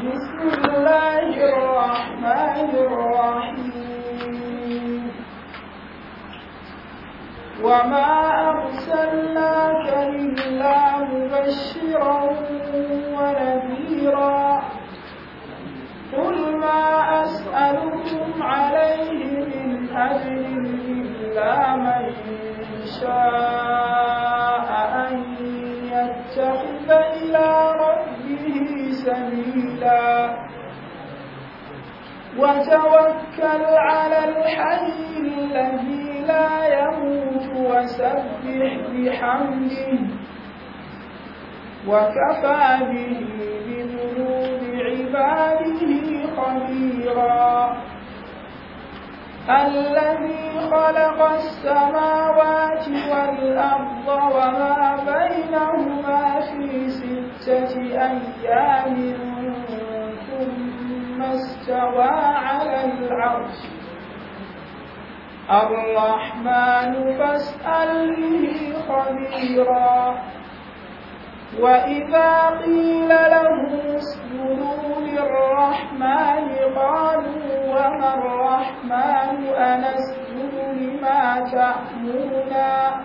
بسم الله الرحمن الرحيم وما أرسلناك إلا مبشرا ونذيرا قل ما أسألكم عليه من أجر إلا من شاء سبيلا وتوكل على الحي الذي لا يموت وسبح بحمده وكفى به بذنوب عباده خبيرا الذي خلق السماوات والأرض وما بينهما في ستة أيام ثم استوى على العرش الرحمن فاسأل به خبيرا وإذا قيل له اسجدوا للرحمن قالوا وما الرحمن أنسجد لما تأمرنا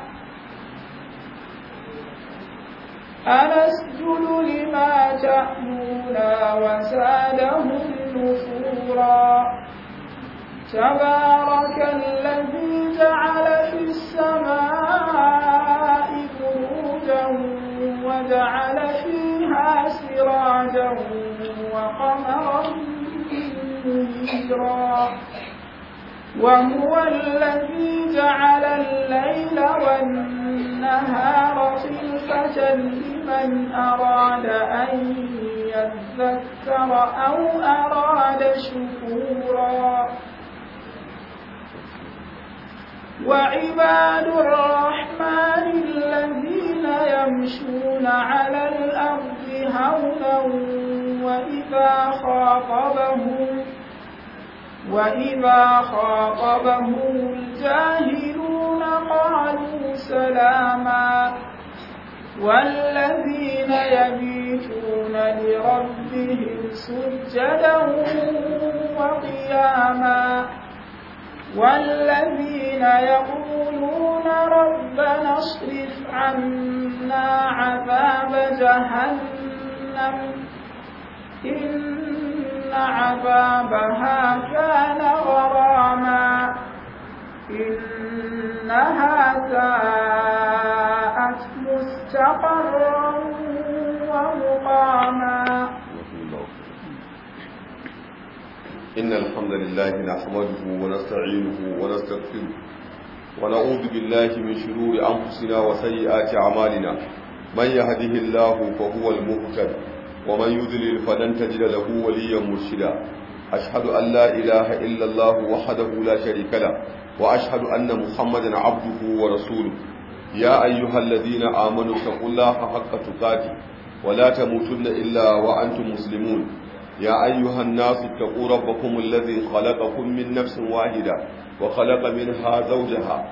أنسجد لما تأمرنا وزادهم نفورا تبارك الذي جعل في السماء برودا وجعل فيها سراجا وقمرا ذكرا وهو الذي جعل الليل والنهار خلفة لمن أراد أن يذكر أو أراد شكورا وعباد الرحمن الذين يمشون على الأرض هونا وإذا خاطبهم وإذا خاطبه الجاهلون قالوا سلاما والذين يبيتون لربهم سجدا وقياما والذين يقولون ربنا اصرف عنا عذاب جهنم إن عذابها كان غراما إنها ساءت مستقرا ومقاما إن الحمد لله نحمده ونستعينه ونستغفره ونعوذ بالله من شرور أنفسنا وسيئات أعمالنا من يهده الله فهو المهتد ومن يذلل فلن تجد له وليا مرشدا أشهد أن لا إله إلا الله وحده لا شريك له وأشهد أن محمدا عبده ورسوله يا أيها الذين آمنوا اتقوا الله حق تقاته ولا تموتن إلا وأنتم مسلمون يا أيها الناس اتقوا ربكم الذي خلقكم من نفس واحدة وخلق منها زوجها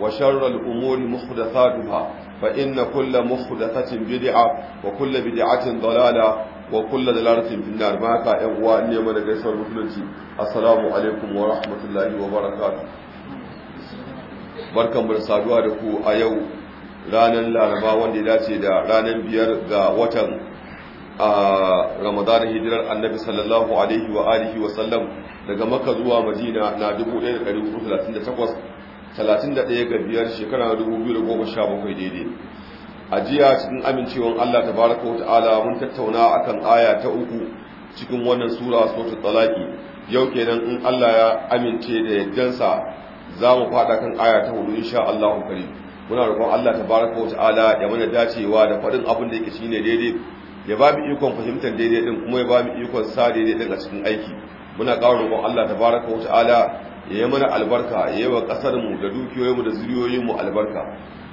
وشر الأمور محدثاتها فإن كل محدثة بدعة وكل بدعة ضلالة وكل ضلالة في النار ما كا ne نيما نغيسر مكنتي السلام عليكم ورحمة الله وبركاته barkan mu da saduwa da ku a yau ranar laraba wanda ya dace da ranar biyar ga watan a ramadan hijirar annabi sallallahu alaihi wa alihi wa sallam daga makka zuwa madina na 1438 31 ga biyar shekara da 2017 daidai a jiya cikin amincewan Allah tabaraka wa ta'ala mun tattauna kan aya ta uku cikin wannan sura ta talaqi yau kenan in Allah ya amince da yaddansa za mu fada kan aya ta hudu insha Allah kare muna roƙon Allah tabaraka wa ta'ala ya mana dacewa da faɗin abin da yake ne daidai ya ba mu ikon fahimtar daidai din kuma ya ba mu ikon sa daidai din a cikin aiki muna ƙara roƙon Allah baraka wa ta'ala ya yi mana albarka ya yi wa ƙasarmu da dukiyoyinmu da ziriyoyinmu albarka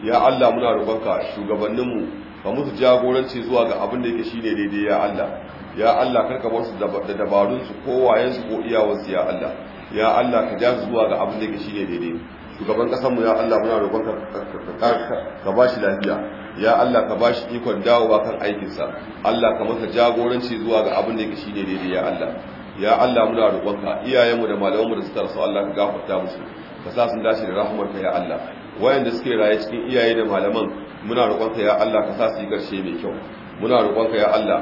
ya Allah muna roƙonka shugabanninmu ka musu jagoranci zuwa ga abin da yake ne daidai ya Allah ya Allah karka bar su da dabarunsu ko wayensu ko iyawarsu ya Allah ya Allah ka ja su zuwa ga abin da yake ne daidai shugaban ƙasarmu ya Allah muna roƙonka ka ba shi lafiya ya Allah ka bashi ikon dawowa kan aikinsa Allah ka masa jagoranci zuwa ga abin da yake ne daidai ya Allah ya Allah muna roƙonka iyayenmu da malamanmu da suka rasu Allah ka gafarta musu ka sa sun dace da rahmarka ya Allah wayanda suke raye cikin iyaye da malaman muna roƙonka ya Allah ka sa su yi karshe mai kyau muna roƙonka ya Allah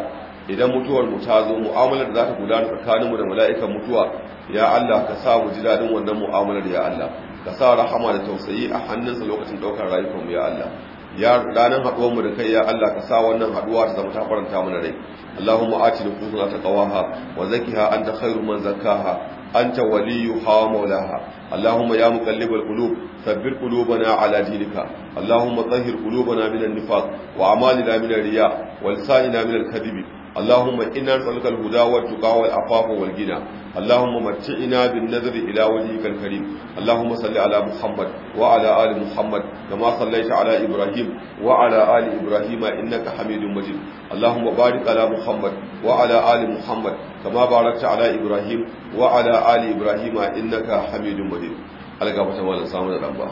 idan mutuwar mu ta zo mu'amalar da za ta gudana tsakanin mu da mala'ikan mutuwa ya Allah ka sa mu ji dadin wannan mu'amalar ya Allah ka sa rahama da tausayi a hannunsa lokacin daukar rayuwar mu ya Allah ya ranar haɗuwar mu da kai ya Allah ka sa wannan haɗuwa ta zama ta faranta mana rai Allahumma ati ni na ta qawaha wa zakiha anta khairu man zakkaha anta waliyuha wa mawlaha Allahumma ya muqallibal qulub sabbir qulubana ala dinika Allahumma tahhir qulubana minan nifaq wa amalina minar riya wal sa'ina minal kadhib اللهم إنا نسألك الهدى والتقى والعفاف والغنى اللهم متعنا بالنذر إلى وجهك الكريم اللهم صل على محمد وعلى آل محمد كما صليت على إبراهيم وعلى آل إبراهيم إنك حميد مجيد اللهم بارك على محمد وعلى آل محمد كما باركت على إبراهيم وعلى آل إبراهيم إنك حميد مجيد ألقى بتمالا سامنا ربا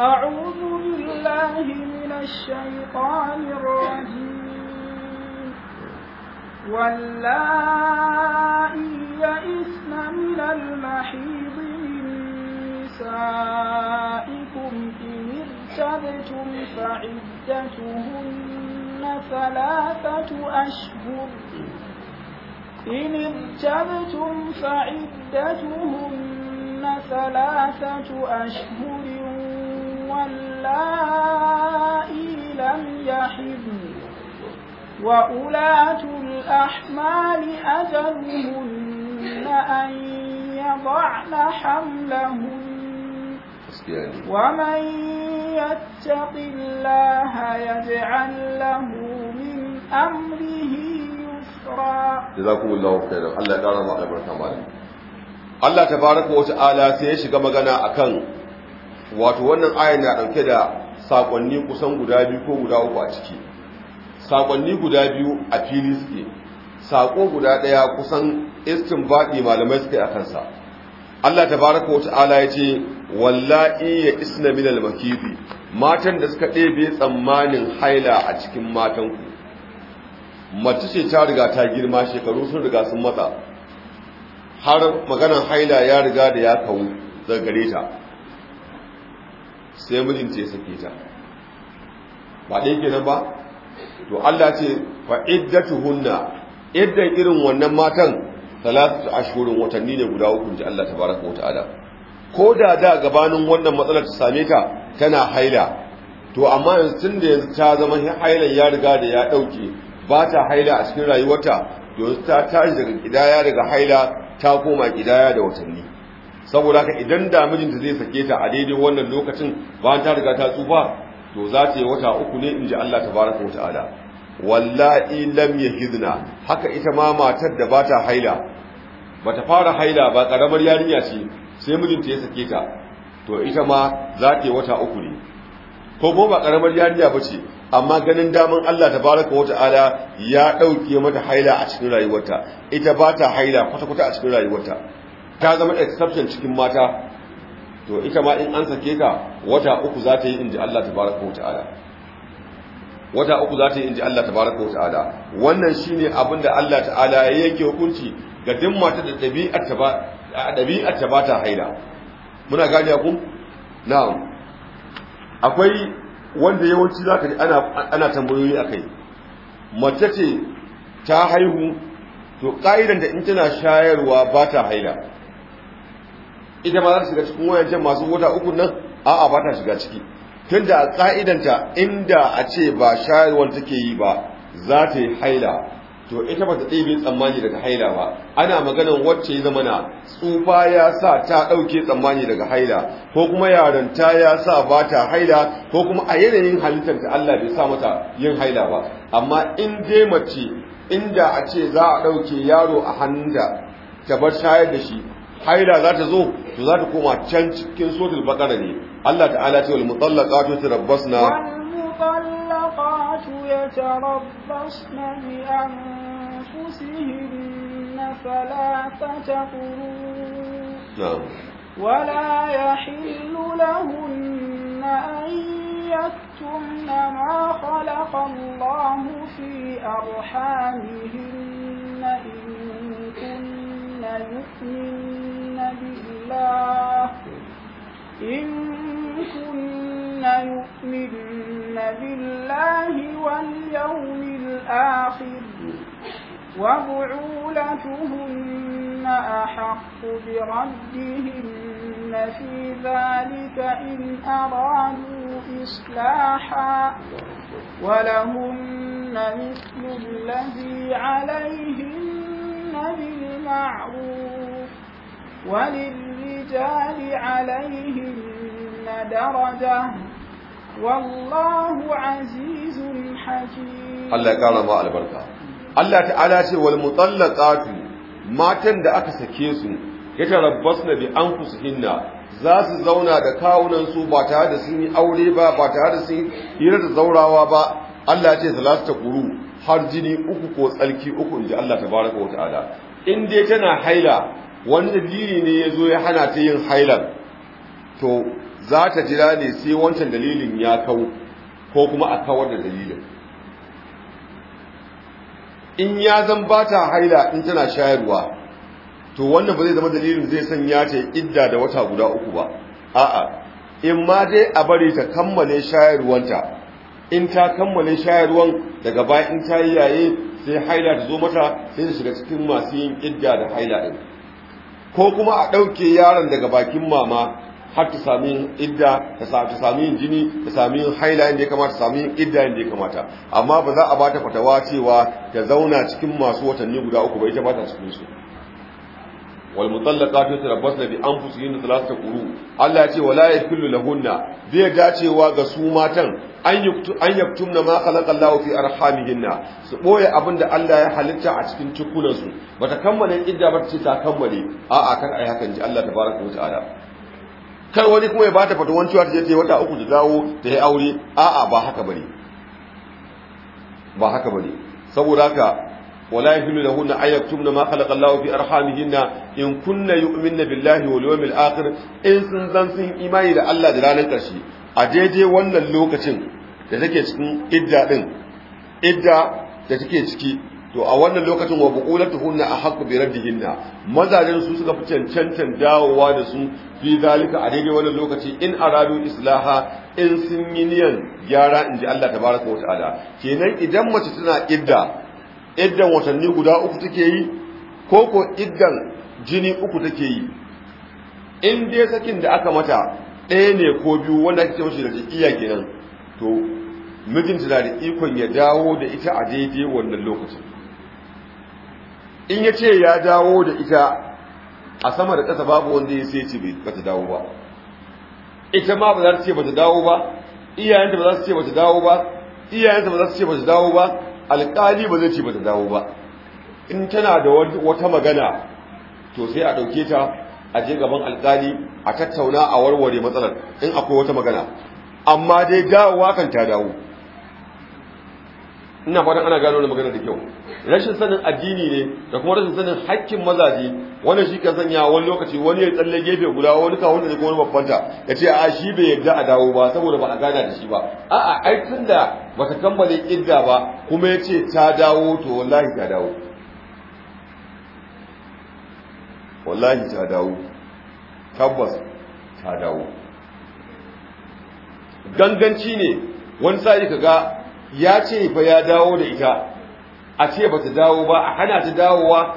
أعوذ بالله من الشيطان الرجيم واللائي يئسن من المحيض من نسائكم إن ارتبتم فعدتهن ثلاثة أشهر إن ارتبتم فعدتهن ثلاثة أشهر واللائي لم يحضن وأولاة الأحمال أجلهن أن يضعن حملهن ومن يتق الله يجعل له من أمره يسرا جزاكم الله خيرا الله يقرأ الله يبرك أمالي Allah ta baraka wata ala sai ya shiga magana akan wato wannan aya na ɗauke da saƙonni kusan guda biyu ko guda uku a ciki. Sakonni guda biyu a fili suke sako guda ɗaya kusan istin baɗi malamai suke a kansa Allah ta baraka wata ta'ala ya ce wallahi ya isna min al matan da suka ɗebe tsammanin haila a cikin matanku mace ce ta riga ta girma shekaru sun riga sun matsa har maganan haila ya riga da ya kawo daga gare ta sai mijinta ya sake ta ba ɗaya kenan ba to Allah ce fa iddatuhunna iddan irin wannan matan salatu ashhurun watanni ne guda uku ji Allah tabaraka wataala ko da da gabanin wannan matsalar ta same ta, tana haila to amma yanzu tun da yanzu ta zama hailan ya riga da ya dauke ba ta haila a cikin rayuwarta yanzu ta tashi daga kidaya daga haila ta koma kidaya da watanni saboda haka idan da mijinta zai sake ta a daidai wannan lokacin ba ta riga ta tsufa to za ta yi wata uku ne in ji Allah ta baraka wa ta'ala wallahi lam yahidna haka ita ma matar da ba ta haila ta fara haila ba karamar yarinya ce sai mijinta ya sake ta to ita ma za ta yi wata uku ne ko ko ba karamar yarinya ba ce amma ganin daman Allah ta baraka wa ta'ala ya ɗauke mata haila a cikin rayuwarta ita ba ta haila kwata-kwata a cikin rayuwarta ta zama exception cikin mata to ita ma in an sake ka wata uku za ta yi inji Allah tabaraka wa ta'ala wata uku za ta yi inji Allah tabaraka wa ta'ala wannan shine abin da Allah ta'ala ya yanke hukunci ga duk mata da ɗabi'ar ta ba ɗabi'ar ta ba ta haila muna gane ku na'am akwai wanda yawanci zaka ji ana ana tambayoyi akai mace ce ta haihu to ƙa'idan da in tana shayarwa ba ta haila ita ma za ta shiga cikin wayancan masu wata uku nan a'a ba ta shiga ciki Tunda da ƙa'idanta inda a ce ba shayarwar take yi ba za ta yi haila to ita ba ta ɗebe tsammani daga haila ba ana maganan wacce ya zama na tsufa ya sa ta ɗauke tsammani daga haila ko kuma ta ya sa ba ta haila ko kuma a yanayin halittar ta Allah bai sa mata yin haila ba amma in dai mace inda a ce za a ɗauke yaro a hannun da ta bar shayar da shi haila za ta zo to za ta koma can cikin sotul bakara ne Allah ta'ala ce wal mutallaqatu tarabbasna wal mutallaqatu yatarabbasna bi anfusihinna thalathata qurun na'am ولا يحل لهن أن يكتمن ما خلق الله في أرحامهن إن كن يؤمن بالله إن كن يؤمن بالله واليوم الآخر وبعولتهن أحق بردهن في ذلك إن أرادوا إصلاحا ولهن مثل الذي عليهن بالمعروف وللرجال عليهن درجة والله عزيز حكيم الله قال ما البركة الله تعالى ce والمطلقات ما matan da aka sake su za su zauna da kawunan su ba tare da sun yi aure ba ba tare da sun hira da zaurawa ba Allah ya ce ta kuru har jini uku ko tsalki uku inji Allah tabaraka wa ta'ala in dai tana haila wani dalili ne ya zo ya hana ta yin hailar to za ta jira ne sai wancan dalilin ya kawo ko kuma a kawar da dalilin in ya zan ba ta haila in tana shayarwa to wanda ba zai zama dalilin zai sanya ta idda da wata guda uku ba a'a in ma dai a bari ta kammale shayarwanta in ta kammale shayarwan daga baya in ta yi yaye sai haila ta zo mata sai ta shiga cikin masu yin idda da haila ɗin ko kuma a ɗauke yaron daga bakin mama har ta sami yin idda ta sami yin jini ta sami yin haila inda ya kamata ta sami yin idda inda ya kamata amma ba za a bata fatawa cewa ta zauna cikin masu watanni guda uku bai ita ba ta cikin su wal mutallaqatu yatarabbasna bi su thalathata quru Allah ya ce wala yakillu lahunna zai dacewa ga su matan an yaktumna ma khalaqa Allah fi arhamihinna su boye abinda Allah ya halitta a cikin cikunan su bata kammala idda ba ce ta kammale a a kan ai hakan ji Allah tabaraka wa ta'ala kai wani kuma ya bata fatawan cewa ta je wata uku da dawo ta yi aure a a ba haka bane ba haka bane saboda haka ولا ma khalaqa أن fi ما in kunna yu'minna billahi wal yawmil akhir in sun zan sun imani da allah da ranar ƙarshe a daidai wannan lokacin da take cikin idda din idda da take ciki to a wannan lokacin wa hunna ahqqu bi raddihinna mazajin su suka fi cancantan dawowa da su fi zalika a daidai wannan lokaci in aradu islaha in sun yi niyan gyara ji Allah tabaraka wa ta'ala kenan idan mace tana idda iddan watanni guda uku take yi ko ko iddan jini uku take yi in dai sakin da aka mata ɗaya ne ko biyu wanda ake ce da jikiya kenan to mijinta na da ikon ya dawo da ita a daidai wannan lokacin in ya ce ya dawo da ita a sama da ƙasa babu wanda ya sai ce ba ta dawo ba ita ma ba za ta ce ba ta dawo ba iyayenta ba za su ce ba ta dawo ba iyayenta ba za su ce ba ta dawo ba alƙali ba zai ce ba ta dawo ba in tana da wata magana to sai a ɗauke ta a je gaban alƙali a tattauna a warware matsalar in akwai wata magana amma dai gawa kan ta dawo ina fatan ana gano da magana da kyau rashin sanin addini ne da kuma rashin sanin haƙƙin mazaje wanda shi kan sanya wani lokaci wani ya tsalle gefe guda wani kawun da wani babbanta ya ce a shi bai yarda a dawo ba saboda ba a gana da shi ba a'a ai tun da baka kammala idda ba kuma ya ce ta dawo to wallahi ta dawo wallahi ta dawo tabbas ta dawo ganganci ne wani sa'i ga ya ce fa ya dawo da ita a ce ba ta dawo ba a hana ta dawowa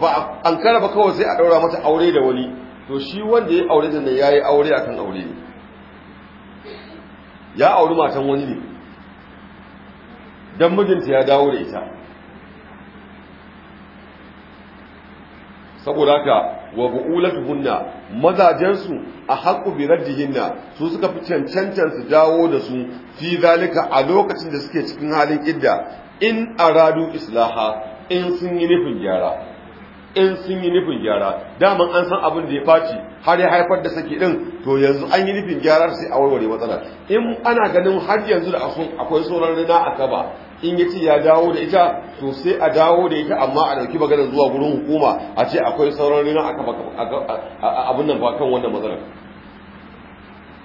ba an kara ba kawai sai a ɗaura mata aure da wani to shi wanda ya aure da nan ya yi aure akan aure ne ya auri matan wani ne don mijinta ya dawo da ita saboda haka wa bu'ulatuhunna mazajensu a haqqu bi raddihinna su suka fi cancancan su dawo da su fi zalika a lokacin da suke cikin halin idda in aradu islaha in sun yi nufin gyara in sun yi nufin gyara Dama an san abin da ya faci har ya haifar da saki din to yanzu an yi nufin gyara sai a warware matsala. in ana ganin har yanzu da akwai sauran rina a kaba in ya ce ya dawo da ita to sai a dawo da ita amma a dauki magana zuwa gurin hukuma a ce akwai sauran rina abin nan ba kan wannan matsalar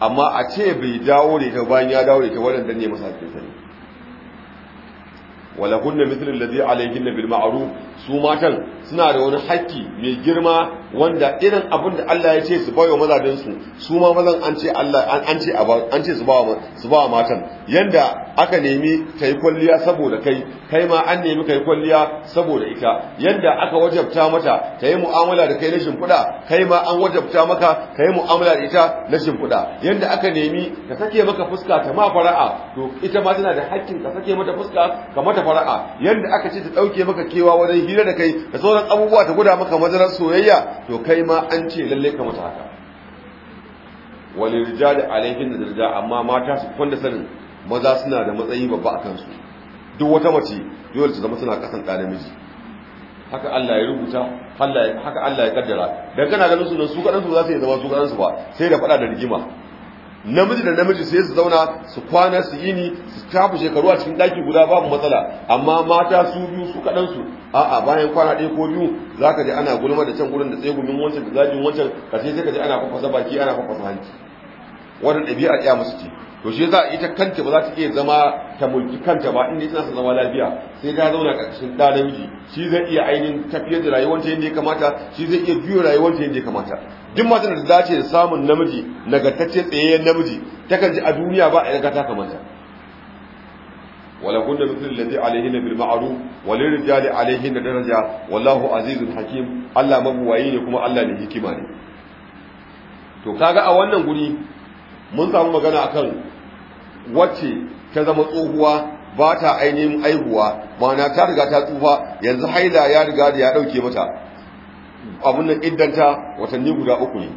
amma a ce bai dawo da ita bayan ya dawo da ita waɗanda ne masu haƙƙin sani wala kunna mithlin zai alayhinna bil ma'ruf su matan suna da wani haƙƙi mai girma wanda irin abin da Allah ya ce su bayo mazajen su su ma mazan an ce Allah an ce an ce su bawa su bawa matan yanda aka nemi kai kwalliya saboda kai kai ma an nemi kai kwalliya saboda ita yanda aka wajabta mata kai mu'amala da kai na shimfiɗa kai ma an wajabta maka kai mu'amala da ita na shimfiɗa yanda aka nemi ka sake maka fuska ta ma fara'a to ita ma tana da hakkin ka sake mata fuska ka mata fara'a yanda aka ce ta dauke maka kewa wajen hira da kai da sauran abubuwa ta guda maka mazarar soyayya to kai ma an ce lalle ka mata haka wani rija da alaikin da Rija amma mata su kwanda sanin maza suna da matsayi babba a kansu duk wata mace yau da zama suna kasan ɗa namiji haka Allah ya rubuta haka Allah ya kaddara daga kana ganin su su kaɗansu za su iya zama su kaɗansu ba sai da faɗa da rigima namiji da namiji sai su zauna su kwana su yi ni, su tafi shekaru a cikin daki guda babu matsala amma mata su biyu su kaɗan su a'a bayan kwana ɗaya ko biyu za ka je ana gulma da can gurin da tsegumin wancan da zagin wancan karshe sai ka je ana fafasa baki ana fafasa hanci wannan ɗabi'ar ya musu ce to shi za ita kanta ba za ta iya zama ta mulki kanta ba inda tana zama lafiya sai ta zauna ƙarƙashin ɗa namiji shi zai iya ainihin tafiyar da rayuwar ta yadda ya kamata shi zai iya rayuwar ta yadda ya kamata duk matan da za ce samun namiji nagartacce tsayayyen namiji takan ji a duniya ba a yaga ta kamanta wala kunna mithlu allati alayhinna bil ma'ruf wa lil rijali alayhinna daraja wallahu azizun hakim Allah mabuwayi ne kuma Allah ne hikima ne to kaga a wannan guri mun samu magana akan wacce ta zama tsohuwa ba ta ainihin aihuwa ma'ana ta riga ta tsufa yanzu haila ya riga da ya dauke mata abin nan iddanta watanni guda uku ne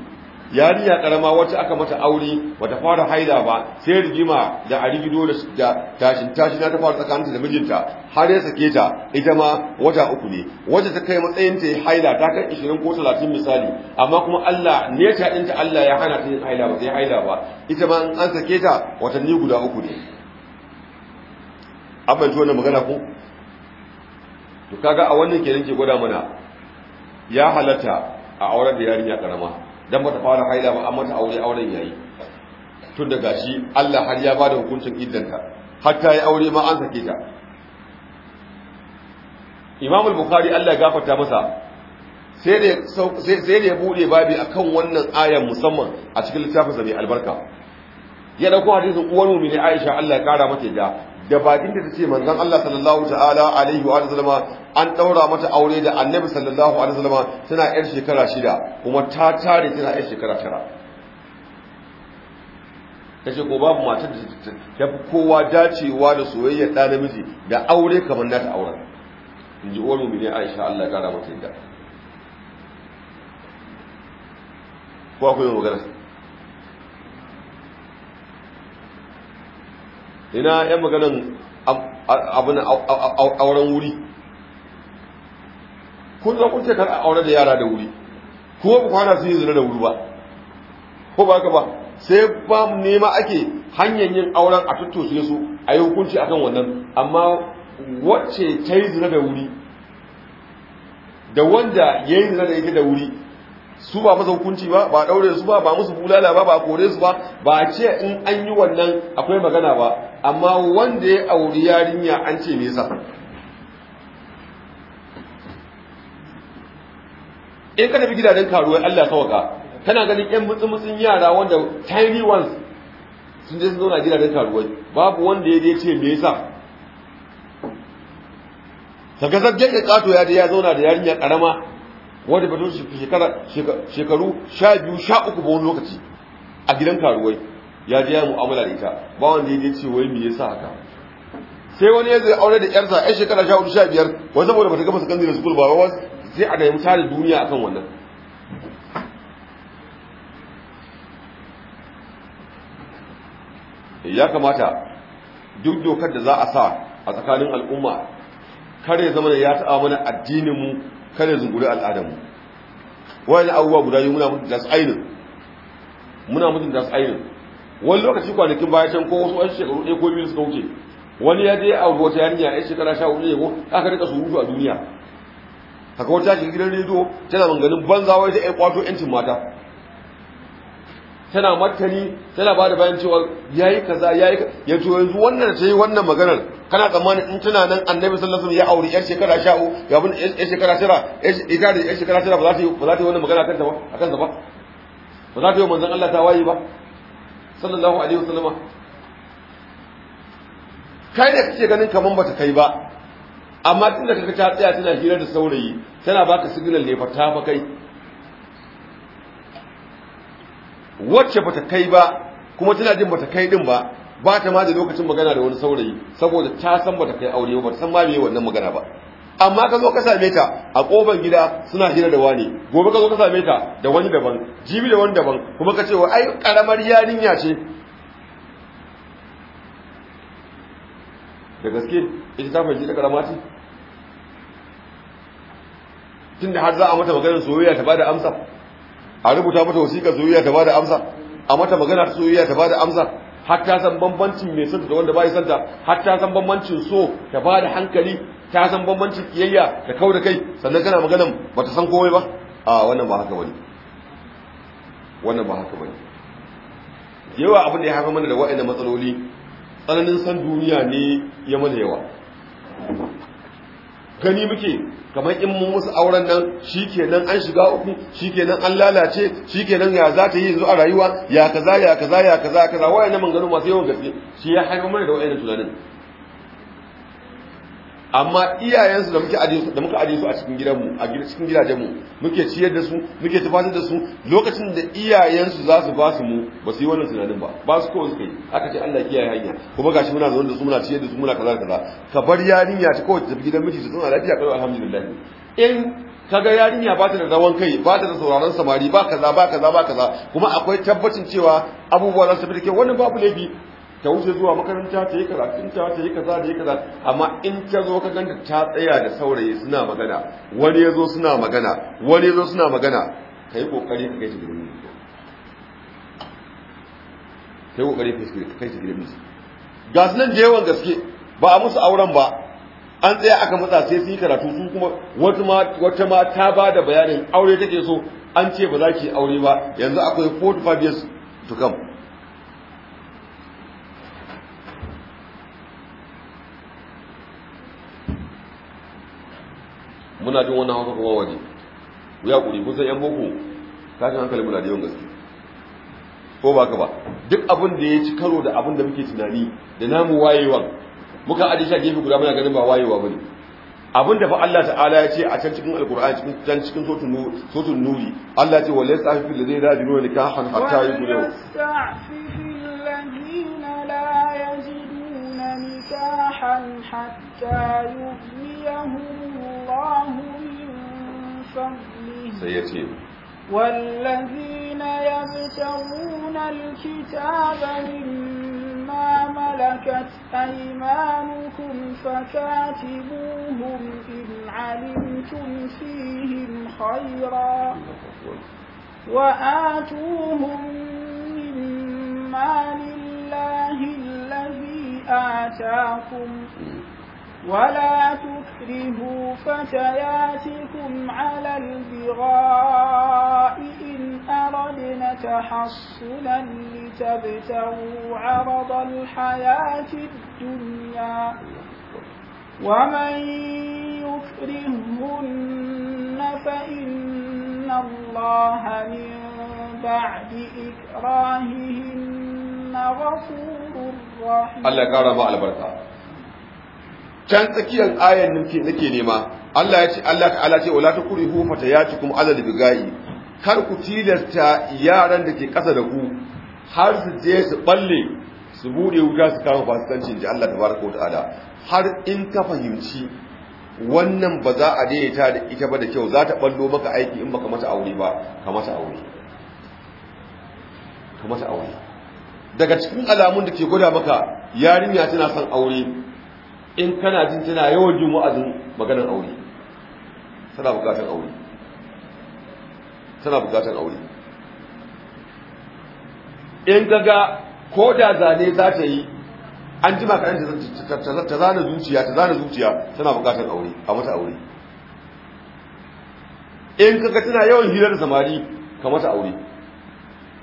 yariya karama wacce aka mata aure bata fara haila ba sai rigima da arigido da tashin tashin ta fara tsakaninta da mijinta har ya sake ta ita ma wata uku ne wacce ta kai matsayin ta haila ta kai 20 ko talatin misali amma kuma Allah ne ta dinta Allah ya hana ta yin haila ba sai haila ba ita ma an sake ta watanni guda uku ne abin ji wannan magana ko to kaga a wannan kenan ke gwada mana ya halatta a auren da yarinya karama dan bata fara haila ba amma ta aure auren yayi tun daga shi Allah har ya bada hukuncin iddanta har ta yi aure ma an sake ta Imam al-Bukhari Allah ya gafarta masa sai da sai da ya bude babi akan wannan ayan musamman a cikin littafin mai albarka ya dauko hadisin uwar mu ne Aisha Allah ya kara mata ja. da bakin da take manzon Allah sallallahu ta'ala alaihi wa sallama an daura mata aure da annabi sallallahu alaihi wa sallama tana yar shekara shida kuma ta tare tana yar shekara tara tace ko babu matar da ta fi kowa dacewa da soyayya da namiji da aure kamar nata auren inji uwar mu ne Aisha Allah ya kara mata yadda ko akwai magana ina yan maganan abin auren wuri kun zo kun ce aure da yara da wuri ko ba kwana su yi zina da wuri ba ko ba ka ba sai ba nema ake hanyar yin auren a tattoshe su a yi hukunci akan wannan amma wacce ta yi zina da wuri da wanda ya yi zina da yake da wuri su ba masa hukunci ba ba daure su ba ba musu bulala ba ba kore su ba ba ce in an yi wannan akwai magana ba amma wanda ya auri yarinya an ce me yasa in ka tafi gidajen karuwar Allah sawaka tana ganin yan mutsun yara wanda tiny ones sun je sun zauna gidajen karuwar babu wanda ya ce me yasa saka sabjen da kato ya je ya zauna da yarinya karama wadda ba zo shekaru sha biyu sha uku ba wani lokaci a gidan karuwai ya je ya mu'amala da ita ba wanda ya ce wai me yasa haka sai wani ya zai aure da yarsa ai shekara sha hudu sha biyar wani saboda bata gama sakandare sukul ba wa sai a nemi tare duniya akan wannan ya kamata duk dokar da za a sa a tsakanin al'umma kare zama da ya ta'a mana addinin mu kada zunguri al'adamu wani abubuwa guda yi muna mutunta su ainihin muna mutunta su ainihin wani lokaci kwanakin bayan can ko wasu wani shekaru ɗaya ko biyu suka wuce wani ya je a wata yarinya ya shekara sha hudu ne ko aka rika surutu a duniya haka wata shi gidan rediyo tana manganin banza wai ta ƴan kwato ƴancin mata tana martani tana ba da bayan cewa yi kaza ya yayi ya to yanzu wannan yi wannan maganar kana tsammanin in tana nan annabi sallallahu alaihi wasallam ya aure yar shekara 10 ya bin yar shekara shara? ita da yar shekara shara ba za ta yi ba za ta yi wannan magana kanta ba akan ba ba za ta yi manzon Allah ta wayi ba sallallahu alaihi wasallam kai da kake ganin kaman bata kai ba amma tunda kaga ta tsaya tana hira da saurayi tana baka signal ne fa ta fa kai wacce bata kai ba kuma tana jin bata kai din ba ba ta ma da lokacin magana da wani saurayi saboda ta san bata kai aure ba san ma meye wannan magana ba amma ka zo ka same ta a kofar gida suna hira da wani gobe ka zo ka same ta da wani daban jibi da wani daban kuma ka ce wa ai karamar yarinya ce da gaske ita ta fahimci ta karama ce tunda har za a mata maganar soyayya ta bada amsa a rubuta mata wasiƙar soyayya ta bada amsa a mata magana ta soyayya ta bada amsa har ta san bambancin mai santa da wanda bai santa har ta san bambancin so ta bada hankali ta san bambancin kiyayya da kau da kai sannan kana ba bata san komai ba a wannan ba haka bane wannan ba haka bane yawa abin da ya haifar mana da wa'annan matsaloli tsananin san duniya ne ya mana yawa gani muke kamar in mun musu auren nan shi shikenan an shiga uku shikenan an lalace shikenan ya za ta yi yanzu a rayuwa ya kaza ya kaza ya kaza kaza wayannan maganganu masu yawan gaske shi ya haifar mana da wayannan tunanin amma iyayensu da muke ajiye su da muka ajiye su a cikin gidanmu a cikin mu muke ciyar da su muke tafatar da su lokacin da iyayensu za su ba su mu ba su yi wannan tunanin ba ba su kowa suka yi aka ce Allah kiyaye hanya kuma gashi muna zaune da su muna ciyar da su muna kaza kaza ka bar yarinya ta kawai tafi gidan miji ta zauna lafiya kai alhamdulillah in kaga yarinya ba ta da rawan kai ba ta da sauraron samari ba kaza ba kaza ba kaza kuma akwai tabbacin cewa abubuwa za su fi da kyau wannan babu laifi ta wuce zuwa makaranta ta yi karatunta ta yi kaza da yi kaza amma in ta zo ka ganta ta tsaya da saurayi suna magana wani ya zo suna magana wani ya zo suna magana ka yi kokari ka kai shi girbi ka yi kokari ka kai shi girbi mijin ga su nan da yawan gaske ba a musu auren ba an tsaya aka matsa sai su yi karatu su kuma wata ma ta ba da bayanin aure take so an ce ba za ki aure ba yanzu akwai 45 years to come muna jin wannan hausa kuma waje ya kuri kun san yan boko tashin hankali muna da yawan gaske ko ba ka ba duk abin da ya ci karo da abin da muke tunani da namu wayewa muka aje shi a gefe guda muna ganin ba wayewa ne abin da fa Allah ta'ala ya ce a can cikin alkur'ani cikin can cikin sotun nuri Allah ce wala yastafi fil ladina yajiduna nikahan hatta yughnu لا يجدون نكاحا حتى يغنيهم الله من فضله سيتيب والذين يبتغون الكتاب مما ملكت أيمانكم فكاتبوهم إن علمتم فيهم خيرا وآتوهم مما لله الذي آتاكم ولا تكرهوا فتياتكم على البغاء إن أردنا تحصنا لتبتغوا عرض الحياة الدنيا ومن يكرهن فإن الله من بعد إكراههن غفور رحيم الله can tsakiyar ayan ke nake nema Allah ya ce Allah ta'ala ce wala takrihu fatayatukum ala bigai kar ku tilasta yaran da ke kasa da ku har su je su balle su bude wuta su kama fasikanci inji Allah tabaraka ta'ala har in ka fahimci wannan ba za a daidaita da ita ba da kyau za ta ballo maka aiki in baka mata aure ba ka mata aure ka mata aure daga cikin alamun da ke gwada maka yarinya tana son aure in kana jin tana yawan jin wa'azin maganar aure tana bukatar aure tana bukatar aure in gaga ko da zane za ta yi an ji maka ɗan ta zana zuciya ta zana zuciya tana bukatar aure a mata aure in kaga tana yawan hirar samari ka mata aure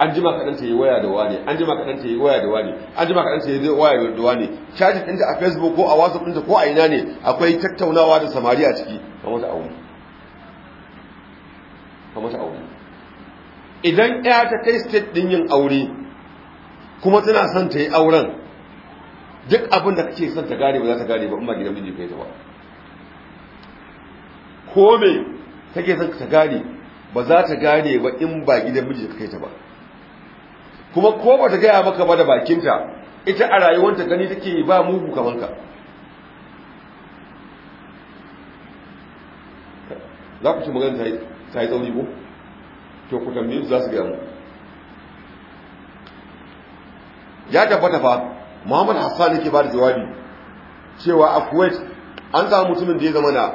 an jima kaɗan ta yi waya da wane an jima kaɗan ta yi waya da wane an jima kaɗan ta yi waya da wane caji ɗinta a facebook ko a whatsapp ɗinta ko a ina ne akwai tattaunawa da samari a ciki ba mata aure ba mata aure idan ya ta kai state ɗin yin aure kuma tana son ta yi auren duk abin da kake son ta gane ba za ta gane ba in ba gidan miji kai ta ba ko me take son ta gane ba za ta gane ba in ba gidan miji kai ta ba kuma ko ba ta gaya maka ba da bakinta ita a rayuwanta gani take ba mugu kamar ka za ku ci magana ta yi tsauri ko to ku tambaye za su gaya mu ya tabbata fa muhammad hassan yake ba da jawabi cewa a kuwait an samu mutumin da ya zama na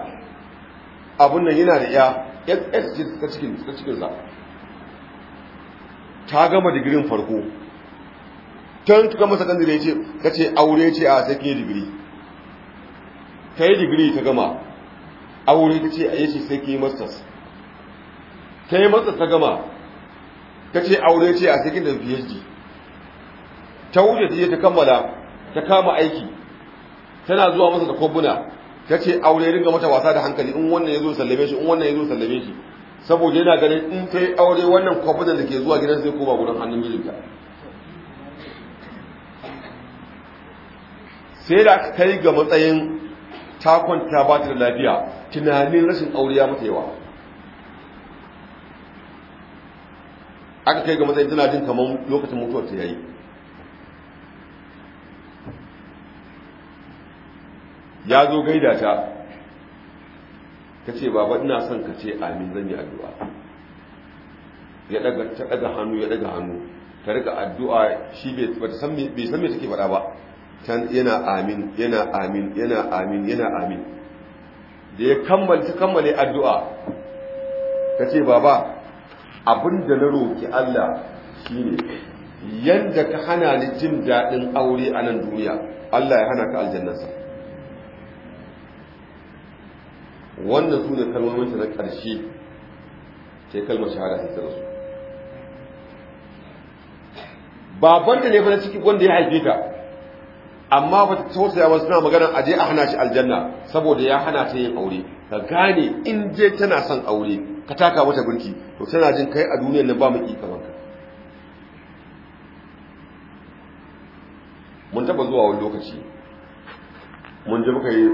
abun nan yana da ya ta cikin za ta gama digirin farko tun ta gama sakandare ce ka ce aure ce a sai kin digiri Kai yi digiri ta gama aure ta ce a yi ce sai kin masters Kai yi masters ta gama ka ce aure ce a sai kin da phd ta wuce ta je ta kammala ta kama aiki tana zuwa masa da kwabuna ta ce aure ringa mata wasa da hankali in wannan ya zo sallame shi in wannan ya zo sallame shi saboda yana ganin in ta aure wannan kwafutan da ke zuwa gidan zai koma gudun hannun mijinta sai da aka kai ga matsayin ta ba ta da lafiya tunanin rashin aure ya mata yawa aka kai ga matsayin tana kamar lokacin mutuwar ta yayi ya zo gaida ta Ka ce baba ina son ka ce amin zan yi addu'a ya daga ta daga hannu ya daga hannu ta rika addu'a shi bai san bai me take faɗa ba can yana amin yana amin yana amin yana amin da ya kammala ta kammale addu'a Ka ce baba abin da na roƙi Allah shine yanda ka hana ni jin daɗin aure a nan duniya Allah ya hana ka aljannarsa Wannan su ne kalmominta na ƙarshe ke kalmar shahada sai su Baban da ne fa na ciki wanda ya haife ta amma ba ta tausaya ba suna magana a je a hana shi aljanna saboda ya hana ta yin aure ka gane in je tana son aure ka taka mata birki to tana jin kai a duniyar nan ba mu ƙi kamar ka mun taba zuwa wani lokaci mun je muka yi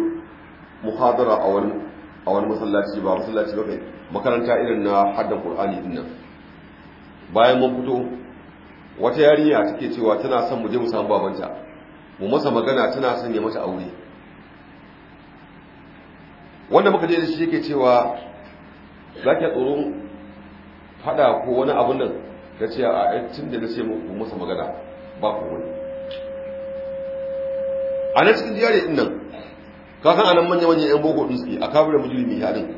muhadara a wani a wani masallaci ba masallaci ba kai makaranta irin na haddan qur'ani din nan bayan mun fito wata yarinya take cewa tana son mu je mu samu babanta mu masa magana tana son ya mata aure wanda muka je da shi yake cewa za ki tsoron fada ko wani abun nan ta ce a tun da na ce mu masa magana ba ku wani a nan cikin jiyar din nan ka san anan manya manyan yan boko din suke a kabirin mujrimi ya din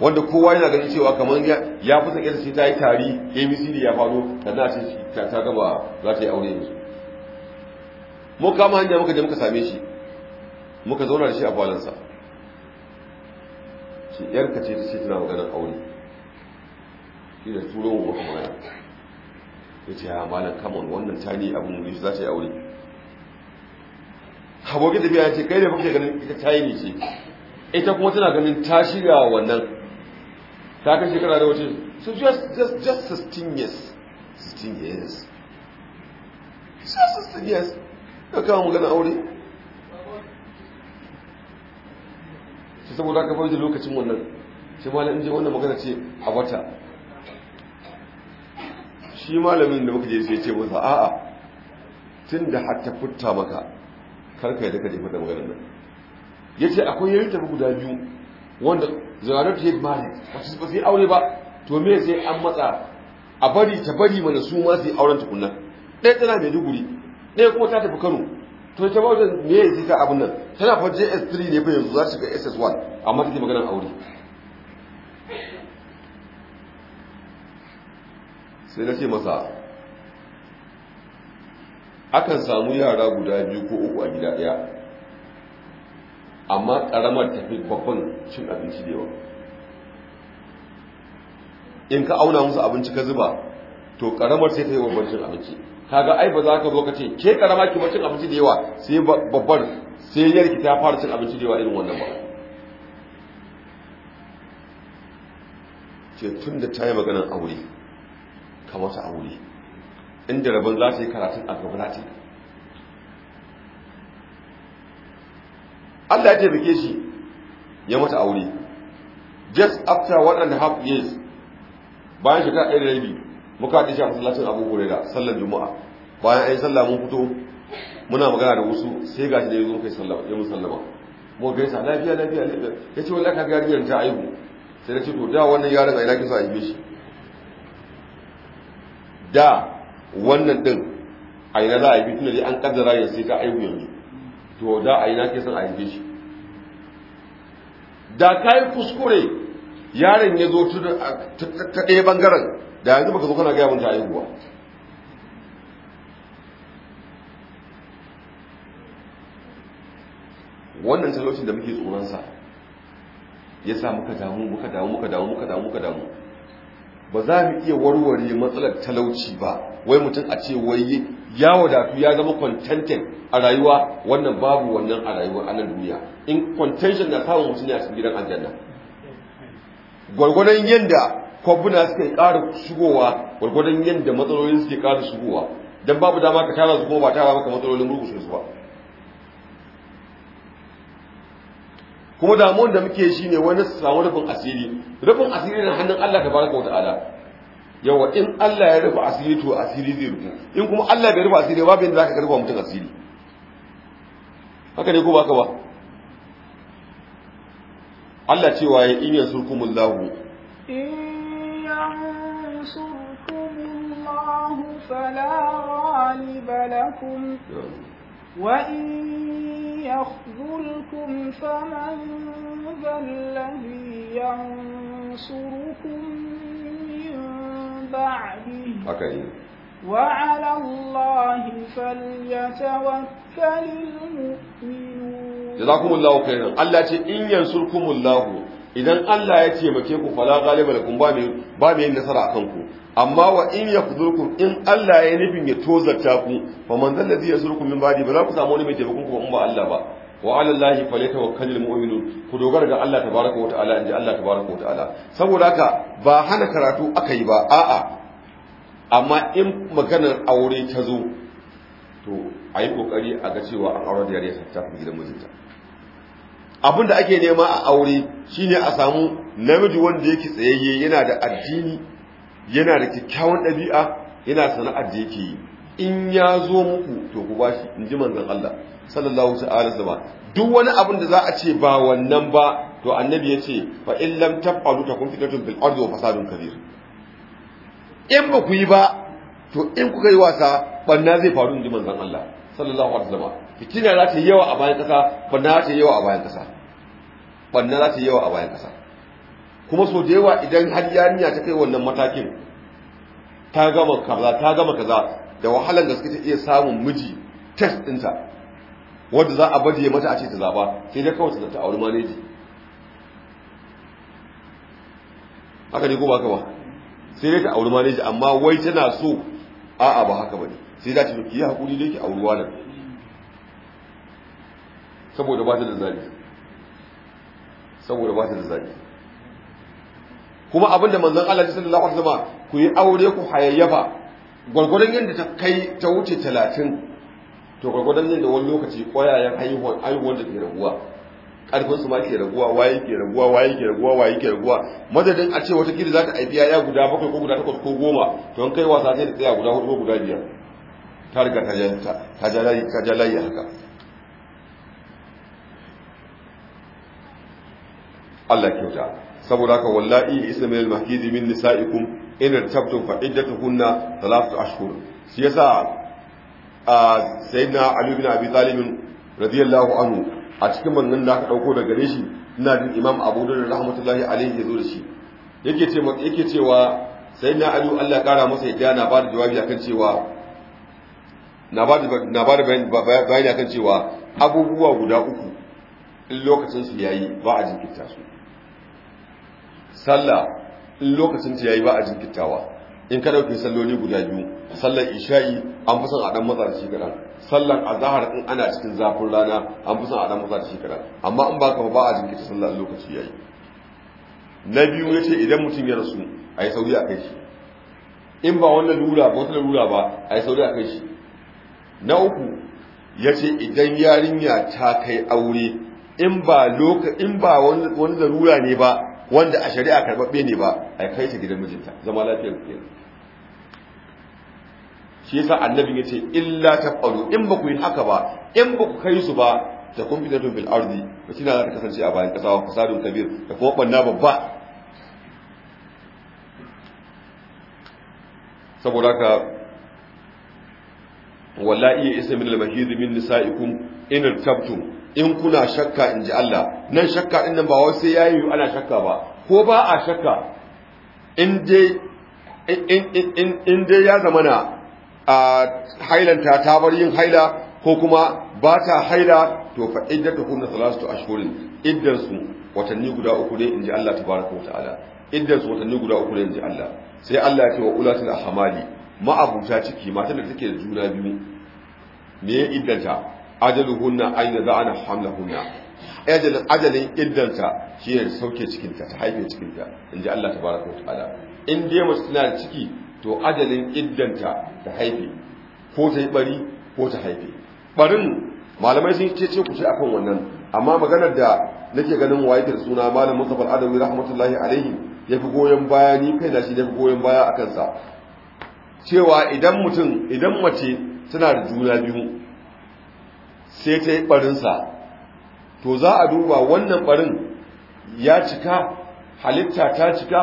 wanda kowa yana ganin cewa kamar ya fi sake sai ta yi tari abcd ya faru sannan a ce ta gaba za ta yi aure yanzu mu kama hanya muka je muka same shi muka zauna da shi a sa shi yar ce ta ce tana maganar aure shi da turo wa magana ya ce ya ah, malam kamar wannan tani abin da za ta yi aure da biya ce kai ne kuke ganin ita ta yi ce ita kuma tana ganin ta shiga wannan ta kai shekara da wace so just just just 16 years 16 years just 16 years ka kawo magana aure su saboda aka fahimci lokacin wannan shi malam inji wannan magana ce a wata shi malamin da muka je sai ce masa a'a tun da har ta futta maka karka ya ka jefa da maganar nan ya ce akwai yayin tafi guda biyu wanda zarar ta yi mali wasu ba su yi aure ba to me sai an matsa a bari ta bari mana su ma su yi auren tukunan ɗaya tana mai duguri ɗaya kuma ta tafi kano to ta ba wajen me ya ta abin nan tana fa js3 ne fa yanzu za su ga ss1 amma take maganar aure sai na ce masa akan samu yara guda biyu ko uku a gida ɗaya amma ƙaramar tafi babban cin abinci da yawa in ka auna musu abinci ka zuba to ƙaramar sai ta yi babban cin abinci kaga ai ba za ka zo ka ce ke ƙarama ki cin abinci da yawa sai babbar sai yarki ta fara cin abinci da yawa irin wannan ba ce tun da ta yi maganar aure ta aure inda rabon za ta yi karatun a Allah ya taimake shi ya mata aure just after one and a half years bayan shekara ɗaya da rabi muka haɗe shafi sallacin masallacin abu huraira sallar juma'a bayan ayi yi sallah mun fito muna magana da wasu sai gashi da ya zo kai sallah ya mun sallama mu ga yasa lafiya lafiya lafiya ya ce wallahi kaga yarinyar ta aihu sai na ce to da wannan yaron a ina kisa a yi mishi. da wannan din a ina za a yi bi dai an kaddara ya sai ta aihu yanzu to da a ina ke son a haife shi da ka yi kuskure yaron ya zo ta ɗaya bangaren da yanzu baka zo kana gaya mun ta aihuwa wannan talocin da muke tsoronsa ya sa muka damu muka damu muka damu muka damu muka damu ba za mu iya warware matsalar talauci ba wai mutum a ce wai ya wadatu ya zama contented a rayuwa wannan babu wannan a rayuwa a nan duniya in contention na samun mutum ya cikin gidan aljanna gwargwadon yadda kwabuna suke ƙara shigowa gwargwadon yadda matsalolin suke ƙara shigowa don babu dama ka tara zuwa ba tara maka matsalolin murkushe su ba kuma damuwar da muke shi ne wani su samu rufin asiri rufin asiri na hannun Allah ta baraka wata ala yawa in Allah ya rufe asiri to asiri zai rufu in kuma Allah bai rufe asiri babu yadda za ka rufa mutum asiri haka ne ko ba ka ba Allah cewa ya in yansurkumul lahu in yansurkumul lahu fala ghaliba lakum وإن يخذلكم فمن ذا الذي ينصركم من بعده وعلى الله فليتوكل المؤمنون جزاكم الله خيرا الله ce in yansurkumullahu idan Allah ya taimake ku fala galiba lakum ba mai ba nasara amma wa in yakhdhurkum in Allah ya nufin ya tozarta ku fa man zai ya yasurkum min ba'di ba za ku samu wani mai taimakon ku in ba Allah ba wa ala Allah kallil mu'minu ku dogara ga Allah tabaraka wa ta'ala inji Allah tabaraka wa ta'ala saboda haka ba hana karatu akai ba a'a amma in maganar aure ta zo to a yi kokari a ga cewa an aure da yare ta tafi gidan mijinta abinda ake nema a aure shine a samu namiji wanda yake tsayayye yana da addini yana da kyakkyawan ɗabi'a yana sana'ar da yake yi in ya zo muku to ku bashi in ji manzan Allah sallallahu ta'ala zama duk wani abin da za a ce ba wannan ba to annabi ya ce fa in lam taf'alu takun fitatun bil ardi wa fasadun kabir in ba ku yi ba to in kuka yi wasa banna zai faru in ji manzan Allah sallallahu alaihi wasallam fitina za ta yi yawa a bayan kasa banna za ta yi yawa a bayan kasa banna za ta yi yawa a bayan kasa kuma so da yawa idan har yarinya ta kai wannan matakin ta gama kaza ta gama kaza da wahalan gaske ta iya samun miji test ɗinta wanda za a baje mata a ce ta zaba sai dai kawai ta auri maneji haka ne ko ba ka ba sai dai ta auri maneji amma wai tana so a'a ba haka bane sai da ta ce ki hakuri dai ki auruwa nan saboda ba ta da zabi saboda ba ta da zabi kuma abin da manzon Allah sallallahu alaihi wasallam ku yi aure ku hayayyafa gwargwadon yadda ta kai ta wuce talatin to gwargwadon yadda wani lokaci ƙwayayen haihuwar da ke raguwa ƙarfin su ma ke raguwa waye ke raguwa waye ke raguwa waye ke raguwa madadin a ce wata kiri za ta haifi yaya guda bakwai ko guda takwas ko goma to an kai wasa sai da tsaya guda hudu ko guda biyar ta riga ta ja haka Allah kyauta saboda haka wallahi ismail mahkizi min nisaikum in irtabtum fa iddatuhunna thalathatu ashhur shi yasa sayyidina ali bin abi talib radiyallahu anhu a cikin wannan da aka dauko daga gare shi ina jin imam abu dawud rahmatullahi alaihi yazo da shi yake ce yake cewa sayyidina ali Allah kara masa yadda na ba da jawabi akan cewa na ba da bayani akan cewa abubuwa guda uku in lokacin su yayi ba a jinkirta su sallah in lokacin ta yayi ba a jinkirtawa in ka dauke salloli guda biyu sallar isha'i an fi son a dan matsa da shi kadan sallar azhar in ana cikin zafin rana an fi son a dan matsa da shi kadan amma in ba ka ba a jinkirta sallar in lokaci yayi na biyu yace idan mutum ya rasu yi sauri a kai shi in ba wannan lura ba wata lura ba a yi sauri a kai shi na uku ya ce idan yarinya ta kai aure in ba wani larura ne ba wanda a shari'a karbabbe ne ba a kai ta gidan mijinta zama lafiyar ku shi yasa annabi ya ce illa tab'aru in ba ku yi haka ba in ba ku kai su ba ta kun fitatun bil ardi fitina za ta kasance a bayan kasa fasadun kabir da kuma banna babba saboda ka, wallahi ya isa min al-mahid min nisaikum in tabtum in kuna shakka in ji Allah nan shakka ɗin nan ba wai sai ya yi ana shakka ba ko ba a shakka in dai in dai ya zamana a hailanta ta bar yin haila ko kuma ba ta haila to fa iddatu kunna salatu ashhurin iddan su watanni guda uku ne ji Allah ta baraka wa ta'ala iddan su watanni guda uku ne ji Allah sai Allah ya ce wa ulatul ahmali ma'abuta ciki matan da take juna biyu me ya iddanta ajaluhunna an yada'ana hamlahunna ajalin ajalin iddanta ne sauke cikin ta ta, haife cikin In inji Allah tabaraka wa ta'ala in dai mace tana da ciki to ajalin iddanta ta haife ko ta yi bari ko ta haife barin malamai sun ce ce ku ce akan wannan amma maganar da nake ganin waye da suna malam Mustafa Adamu rahmatullahi alaihi fi goyen baya ni kai da shi yafi goyen baya akan sa cewa idan mutum idan mace tana da juna biyu sai ta yi ɓarinsa to za a duba wannan ɓarin ya cika halitta ta cika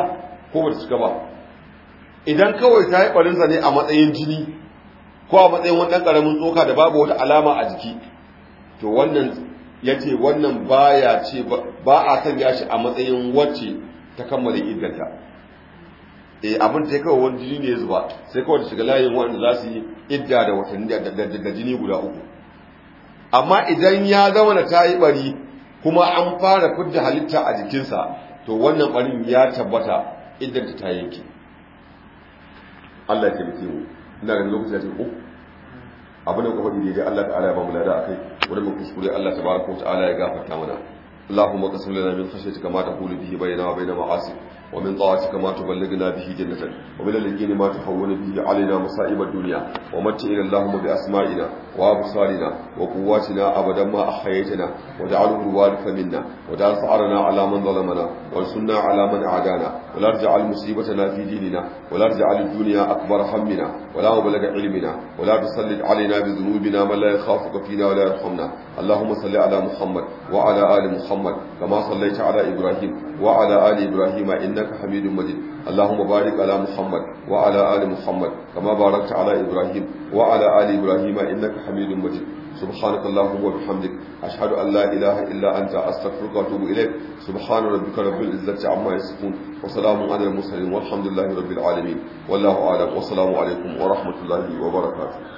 ko ba cika ba idan kawai ta yi ɓarinsa ne a matsayin jini ko a matsayin wani ƙaramin tsoka da babu wata alama a jiki to wannan ya ce wannan ba ya ce ba a sanya shi a matsayin wacce ta kammala idanta e eh, abin ta kawo wani jini ne ya zuba sai kawai da shiga layin wanda za su yi idda da watanni da jini guda uku amma idan ya zama na ta yi bari kuma an fara fidda halitta a jikinsa to wannan barin ya tabbata idan ta yanke Allah ya taimake mu ina ganin lokacin da ko abin da kuma faɗi daidai? Allah ta'ala ya ba mu lada akai wurin mu kuskure Allah tabaraka wa ta'ala ya gafarta mana اللهم اقسم لنا من خشيتك ما تحول به بيننا وبين معاصيك ومن طاعتك ما تبلغنا به جنتك ومن اليقين ما تحول به علينا مصائب الدنيا ومتعنا اللهم بأسمائنا وابصارنا وقواتنا ابدا ما احييتنا واجعله الوارث منا واجعل ثارنا على من ظلمنا وانصرنا على من عادانا ولا تجعل مصيبتنا في ديننا ولا تجعل الدنيا اكبر همنا ولا مبلغ علمنا ولا تسلط علينا بذنوبنا من لا يخافك فينا ولا يرحمنا اللهم صل على محمد وعلى ال محمد كما صليت على ابراهيم وعلى ال ابراهيم انك حميد مجيد اللهم بارك على محمد وعلى آل محمد كما باركت على إبراهيم وعلى آل إبراهيم إنك حميد مجيد سبحانك اللهم وبحمدك أشهد أن لا إله إلا أنت أستغفرك وأتوب إليك سبحان ربك رب العزة عما يصفون وسلام على المرسلين والحمد لله رب العالمين والله أعلم والسلام عليكم ورحمة الله وبركاته